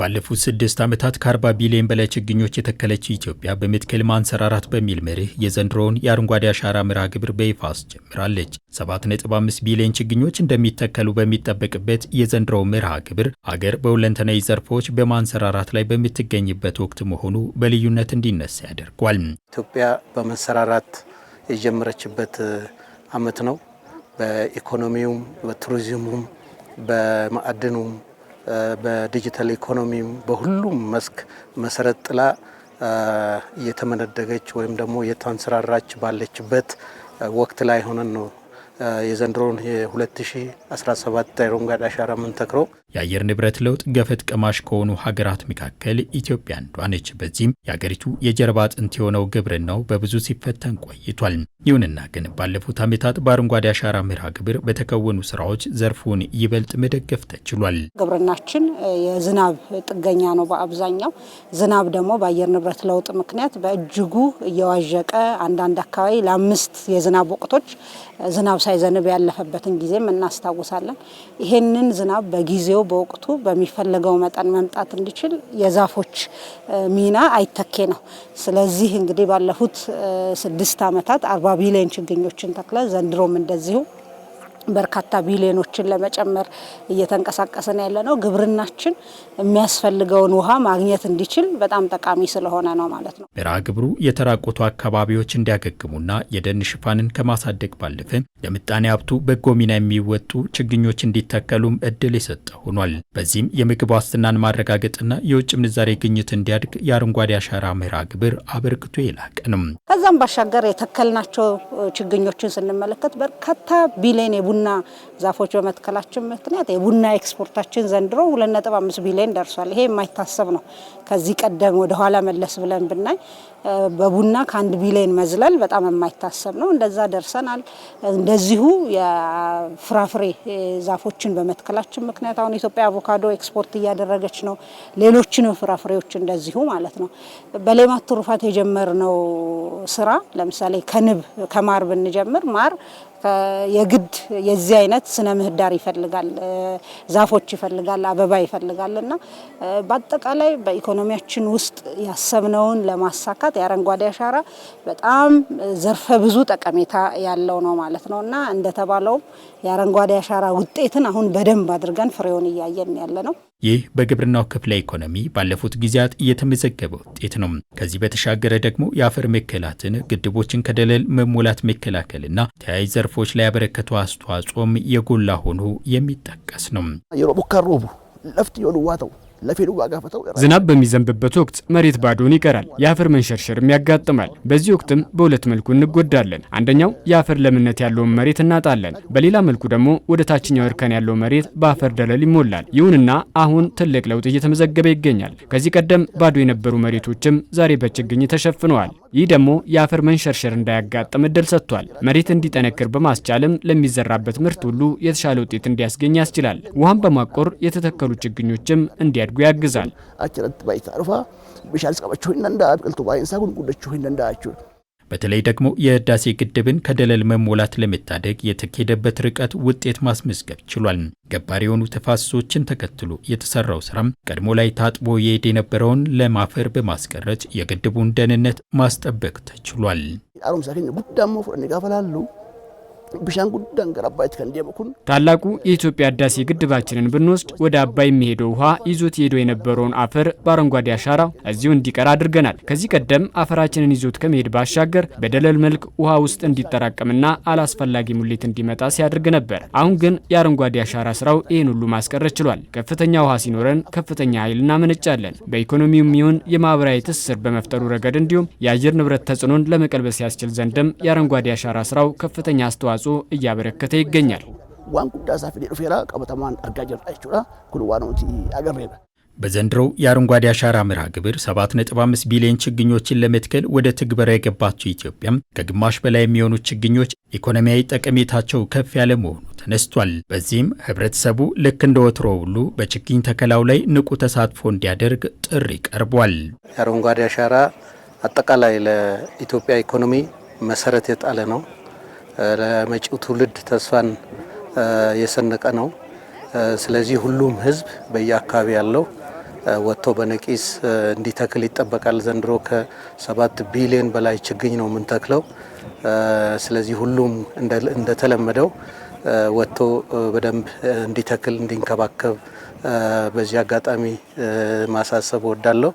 ባለፉት ስድስት ዓመታት ከ40 ቢሊዮን በላይ ችግኞች የተከለች ኢትዮጵያ በመትከል ማንሰራራት በሚል መርህ የዘንድሮውን የአረንጓዴ አሻራ ምራ ግብር በይፋ አስጀምራለች። 7.5 ቢሊዮን ችግኞች እንደሚተከሉ በሚጠበቅበት የዘንድሮው ምርሃ ግብር አገር በሁለንተናዊ ዘርፎች በማንሰራራት ላይ በምትገኝበት ወቅት መሆኑ በልዩነት እንዲነሳ ያደርጓል። ኢትዮጵያ በመንሰራራት የጀመረችበት ዓመት ነው። በኢኮኖሚውም፣ በቱሪዝሙም፣ በማዕድኑም በዲጂታል ኢኮኖሚም በሁሉም መስክ መሰረት ጥላ እየተመነደገች ወይም ደግሞ የተንሰራራች ባለችበት ወቅት ላይ ሆነን ነው የዘንድሮን የ2017 አረንጓዴ አሻራ ምን ተክረው የአየር ንብረት ለውጥ ገፈት ቀማሽ ከሆኑ ሀገራት መካከል ኢትዮጵያ አንዷ ነች። በዚህም የአገሪቱ የጀርባ አጥንት የሆነው ግብርናው በብዙ ሲፈተን ቆይቷል። ይሁንና ግን ባለፉት ዓመታት በአረንጓዴ አሻራ መርሃ ግብር በተከወኑ ስራዎች ዘርፉን ይበልጥ መደገፍ ተችሏል። ግብርናችን የዝናብ ጥገኛ ነው በአብዛኛው። ዝናብ ደግሞ በአየር ንብረት ለውጥ ምክንያት በእጅጉ እየዋዠቀ አንዳንድ አካባቢ ለአምስት የዝናብ ወቅቶች ዝናብ ሳይዘንብ ያለፈበትን ጊዜም እናስታውሳለን። ይሄንን ዝናብ በጊዜው በጊዜው በወቅቱ በሚፈለገው መጠን መምጣት እንዲችል የዛፎች ሚና አይተኬ ነው። ስለዚህ እንግዲህ ባለፉት ስድስት ዓመታት አርባ ቢሊዮን ችግኞችን ተክለ ዘንድሮም እንደዚሁ በርካታ ቢሊዮኖችን ለመጨመር እየተንቀሳቀስን ያለ ነው። ግብርናችን የሚያስፈልገውን ውሃ ማግኘት እንዲችል በጣም ጠቃሚ ስለሆነ ነው ማለት ነው። መርሃ ግብሩ የተራቆቱ አካባቢዎች እንዲያገግሙና የደን ሽፋንን ከማሳደግ ባለፈ ለምጣኔ ሀብቱ በጎ ሚና የሚወጡ ችግኞች እንዲተከሉም እድል የሰጠ ሆኗል። በዚህም የምግብ ዋስትናን ማረጋገጥና የውጭ ምንዛሬ ግኝት እንዲያድግ የአረንጓዴ አሻራ መርሃ ግብር አበርክቶ የላቀ ነው። ከዛም ባሻገር የተከልናቸው ችግኞችን ስንመለከት በርካታ ቢሊዮን የቡና የቡና ዛፎች በመትከላችን ምክንያት የቡና ኤክስፖርታችን ዘንድሮ 2.5 ቢሊዮን ደርሷል። ይሄ የማይታሰብ ነው። ከዚህ ቀደም ወደኋላ መለስ ብለን ብናይ በቡና ከአንድ ቢሊዮን መዝለል በጣም የማይታሰብ ነው። እንደዛ ደርሰናል። እንደዚሁ የፍራፍሬ ዛፎችን በመትከላችን ምክንያት አሁን ኢትዮጵያ አቮካዶ ኤክስፖርት እያደረገች ነው። ሌሎችንም ፍራፍሬዎች እንደዚሁ ማለት ነው። በሌማት ትሩፋት የጀመርነው ስራ ለምሳሌ ከንብ ከማር ብንጀምር ማር የግድ የዚህ አይነት ስነ ምህዳር ይፈልጋል፣ ዛፎች ይፈልጋል፣ አበባ ይፈልጋል እና በአጠቃላይ በኢኮኖሚያችን ውስጥ ያሰብነውን ለማሳካት መስራት የአረንጓዴ አሻራ በጣም ዘርፈ ብዙ ጠቀሜታ ያለው ነው ማለት ነው እና እንደተባለውም የአረንጓዴ አሻራ ውጤትን አሁን በደንብ አድርገን ፍሬውን እያየን ያለ ነው። ይህ በግብርናው ክፍለ ኢኮኖሚ ባለፉት ጊዜያት እየተመዘገበ ውጤት ነው። ከዚህ በተሻገረ ደግሞ የአፈር መከላትን፣ ግድቦችን ከደለል መሞላት መከላከልና ተያያዥ ዘርፎች ላይ ያበረከቱ አስተዋጽኦም የጎላ ሆኖ የሚጠቀስ ነው። ለፌሉ ዋጋ ፈተው ዝናብ በሚዘንብበት ወቅት መሬት ባዶን ይቀራል፣ የአፈር መንሸርሸርም ያጋጥማል። በዚህ ወቅትም በሁለት መልኩ እንጎዳለን። አንደኛው የአፈር ለምነት ያለውን መሬት እናጣለን፣ በሌላ መልኩ ደግሞ ወደ ታችኛው እርከን ያለው መሬት በአፈር ደለል ይሞላል። ይሁንና አሁን ትልቅ ለውጥ እየተመዘገበ ይገኛል። ከዚህ ቀደም ባዶ የነበሩ መሬቶችም ዛሬ በችግኝ ተሸፍነዋል። ይህ ደግሞ የአፈር መንሸርሸር እንዳያጋጥም እድል ሰጥቷል። መሬት እንዲጠነክር በማስቻልም ለሚዘራበት ምርት ሁሉ የተሻለ ውጤት እንዲያስገኝ ያስችላል። ውሃን በማቆር የተተከሉ ችግኞችም እንዲያድጉ ያግዛል። በተለይ ደግሞ የህዳሴ ግድብን ከደለል መሞላት ለመታደግ የተኬደበት ርቀት ውጤት ማስመዝገብ ችሏል። ገባር የሆኑ ተፋሰሶችን ተከትሎ የተሰራው ስራም ቀድሞ ላይ ታጥቦ የሄድ የነበረውን ለም አፈር በማስቀረት የግድቡን ደህንነት ማስጠበቅ ተችሏል። ቢሻንጉል ዳንገር አባይት ከንዴ ታላቁ የኢትዮጵያ ህዳሴ ግድባችንን ብንወስድ ወደ አባይ የሚሄደው ውሃ ይዞት ሄዶ የነበረውን አፈር በአረንጓዴ አሻራ እዚሁ እንዲቀር አድርገናል። ከዚህ ቀደም አፈራችንን ይዞት ከመሄድ ባሻገር በደለል መልክ ውሃ ውስጥ እንዲጠራቀምና አላስፈላጊ ሙሌት እንዲመጣ ሲያደርግ ነበር። አሁን ግን የአረንጓዴ አሻራ ስራው ይህን ሁሉ ማስቀረት ችሏል። ከፍተኛ ውሃ ሲኖረን ከፍተኛ ኃይል እናመነጫለን። በኢኮኖሚውም ይሁን የማህበራዊ ትስስር በመፍጠሩ ረገድ እንዲሁም የአየር ንብረት ተጽዕኖን ለመቀልበስ ያስችል ዘንድም የአረንጓዴ አሻራ ስራው ከፍተኛ አስተዋጽኦ አስተዋጽኦ እያበረከተ ይገኛል። በዘንድሮው የአረንጓዴ አሻራ መርሃ ግብር 7.5 ቢሊዮን ችግኞችን ለመትከል ወደ ትግበራ የገባቸው ኢትዮጵያ ከግማሽ በላይ የሚሆኑ ችግኞች ኢኮኖሚያዊ ጠቀሜታቸው ከፍ ያለ መሆኑ ተነስቷል። በዚህም ህብረተሰቡ ልክ እንደ ወትሮ ሁሉ በችግኝ ተከላው ላይ ንቁ ተሳትፎ እንዲያደርግ ጥሪ ቀርቧል። የአረንጓዴ አሻራ አጠቃላይ ለኢትዮጵያ ኢኮኖሚ መሰረት የጣለ ነው። ለመጪው ትውልድ ተስፋን የሰነቀ ነው። ስለዚህ ሁሉም ህዝብ በየአካባቢ ያለው ወጥቶ በነቂስ እንዲተክል ይጠበቃል። ዘንድሮ ከሰባት ቢሊዮን በላይ ችግኝ ነው የምንተክለው። ስለዚህ ሁሉም እንደተለመደው ወጥቶ በደንብ እንዲተክል እንዲንከባከብ በዚህ አጋጣሚ ማሳሰብ እወዳለሁ።